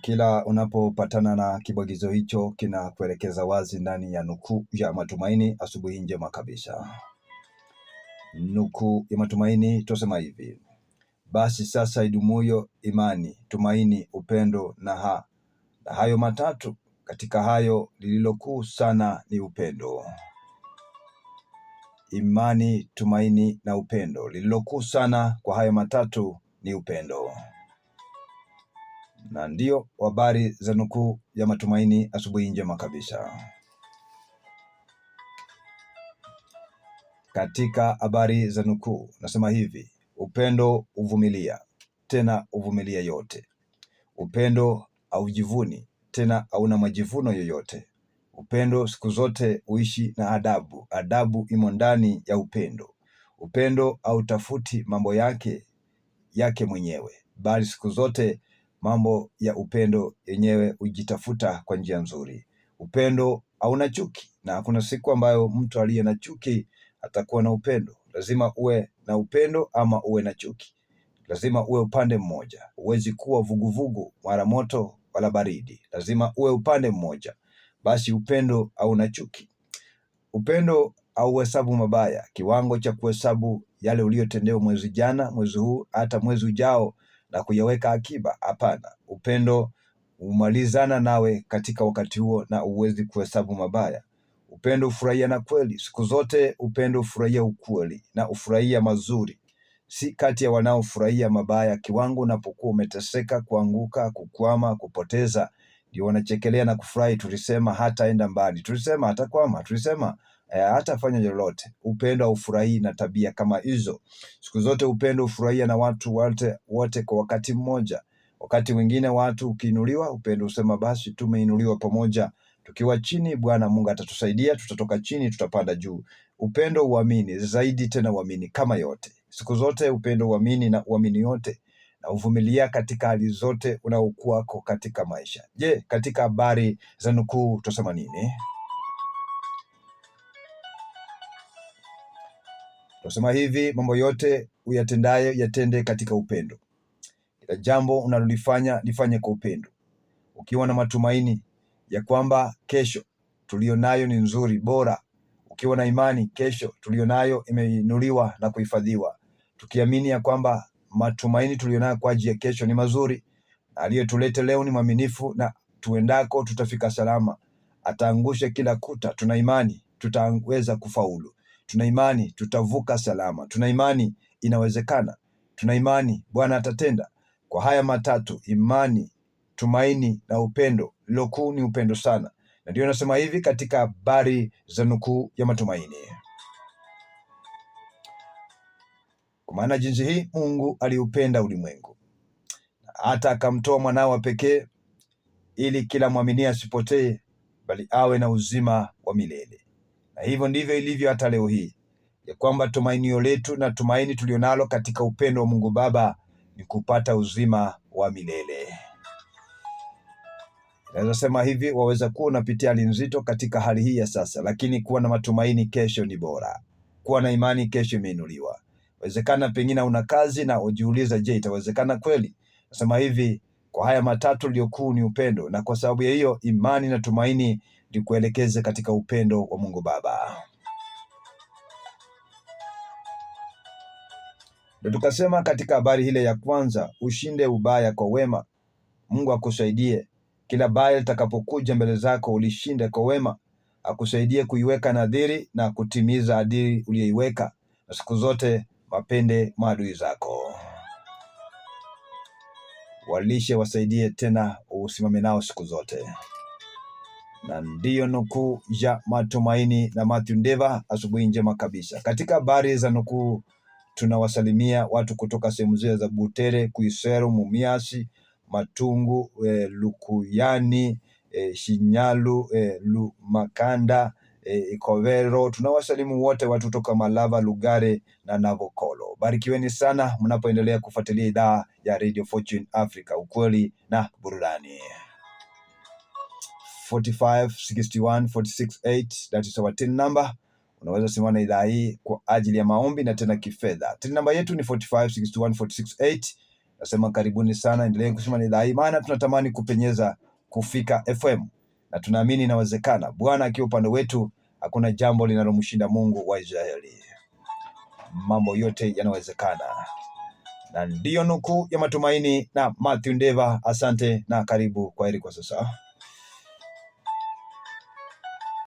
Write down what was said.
Kila unapopatana na kibwagizo hicho kinakuelekeza wazi ndani ya nukuu ya matumaini. Asubuhi njema kabisa. Nukuu ya matumaini tusema hivi: basi sasa idumuyo imani, tumaini, upendo na ha na hayo matatu, katika hayo lililokuu sana ni upendo. Imani, tumaini na upendo, lililokuu sana kwa hayo matatu ni upendo na ndio habari za nukuu ya matumaini. Asubuhi njema kabisa. Katika habari za nukuu nasema hivi: upendo uvumilia, tena uvumilia yote. Upendo haujivuni, tena hauna majivuno yoyote. Upendo siku zote uishi na adabu, adabu imo ndani ya upendo. Upendo hautafuti mambo yake yake mwenyewe, bali siku zote mambo ya upendo yenyewe hujitafuta kwa njia nzuri. Upendo hauna chuki, na hakuna siku ambayo mtu aliye na chuki atakuwa na upendo. Lazima uwe na upendo ama uwe na chuki, lazima uwe upande mmoja. Huwezi kuwa vuguvugu mara moto wala baridi, lazima uwe upande mmoja. Basi upendo hauna chuki, upendo hauhesabu mabaya, kiwango cha kuhesabu yale uliyotendewa mwezi jana, mwezi huu, hata mwezi ujao na kuyaweka akiba. Hapana, upendo humalizana nawe katika wakati huo na uwezi kuhesabu mabaya. Upendo ufurahia na kweli, siku zote upendo ufurahia ukweli na ufurahia mazuri, si kati ya wanaofurahia mabaya. Kiwango unapokuwa umeteseka, kuanguka, kukwama, kupoteza, ndio wanachekelea na kufurahi. Tulisema hataenda mbali, tulisema hatakwama, tulisema e, eh, hata fanya lolote. Upendo haufurahii na tabia kama hizo. Siku zote upendo hufurahia na watu wote wote kwa wakati mmoja. Wakati mwingine watu ukiinuliwa, upendo husema basi, tumeinuliwa pamoja. Tukiwa chini, Bwana Mungu atatusaidia, tutatoka chini, tutapanda juu. Upendo uamini zaidi, tena uamini kama yote, siku zote upendo uamini na uamini yote na uvumilia katika hali zote unaokuwako katika maisha. Je, katika habari za nukuu tutasema nini? Tunasema hivi, mambo yote uyatendayo yatende katika upendo. Kila jambo unalolifanya lifanye kwa upendo, ukiwa na matumaini ya kwamba kesho tuliyo nayo ni nzuri bora, ukiwa na imani kesho tuliyo nayo imeinuliwa na kuhifadhiwa, tukiamini ya kwamba matumaini tuliyonayo kwa ajili ya kesho ni mazuri, na aliyetuleta leo ni mwaminifu, na tuendako tutafika salama. Ataangusha kila kuta, tuna imani tutaweza kufaulu. Tuna imani tutavuka salama, tuna imani inawezekana, tuna imani Bwana atatenda. Kwa haya matatu, imani, tumaini na upendo, lilokuu ni upendo sana, na ndio nasema hivi katika habari za nukuu ya matumaini. Kwa maana jinsi hii Mungu aliupenda ulimwengu hata akamtoa mwanao wa pekee, ili kila mwamini asipotee, bali awe na uzima wa milele. Na hivyo ndivyo ilivyo hata leo hii, ya kwamba tumainio letu na tumaini tulionalo katika upendo wa Mungu Baba ni kupata uzima wa milele. Naweza sema hivi, waweza kuwa unapitia hali nzito katika hali hii ya sasa, lakini kuwa na matumaini, kesho ni bora. Kuwa na imani, kesho imeinuliwa. Wezekana pengine una kazi na ujiuliza, je, itawezekana kweli? Nasema hivi, kwa haya matatu liokuu ni upendo, na kwa sababu ya hiyo imani na tumaini nikuelekeze katika upendo wa Mungu Baba. Ndio tukasema katika habari ile ya kwanza, ushinde ubaya kwa wema. Mungu akusaidie kila baya litakapokuja mbele zako ulishinde kwa wema, akusaidie kuiweka nadhiri na kutimiza adili uliyoiweka, na siku zote mapende maadui zako, walishe, wasaidie, tena usimame nao siku zote na ndiyo nukuu ya matumaini na Mathew Ndeva. Asubuhi njema kabisa. Katika habari za nukuu, tunawasalimia watu kutoka sehemu zile za Butere, kuiseru Mumiasi, Matungu, e, Lukuyani, e, Shinyalu, e, Lumakanda, e, Ikovero. Tunawasalimu wote watu kutoka Malava, Lugare na Navokolo. Barikiweni sana mnapoendelea kufuatilia idhaa ya Radio Fortune Africa, ukweli na burudani. 45 61 46 That is our tin number. Unaweza simama idhaa hii kwa ajili ya maombi na tena kifedha. Tin namba yetu ni 45 61 46 8. Nasema karibuni sana, endelee kusimama idhaa hii, maana tunatamani kupenyeza kufika FM na tunaamini inawezekana. Bwana akiwa upande wetu, hakuna jambo linalomshinda Mungu wa Israeli. Mambo yote yanawezekana, na ndiyo nukuu ya matumaini na matthew Ndeva. Asante na karibu. Kwaheri kwa sasa.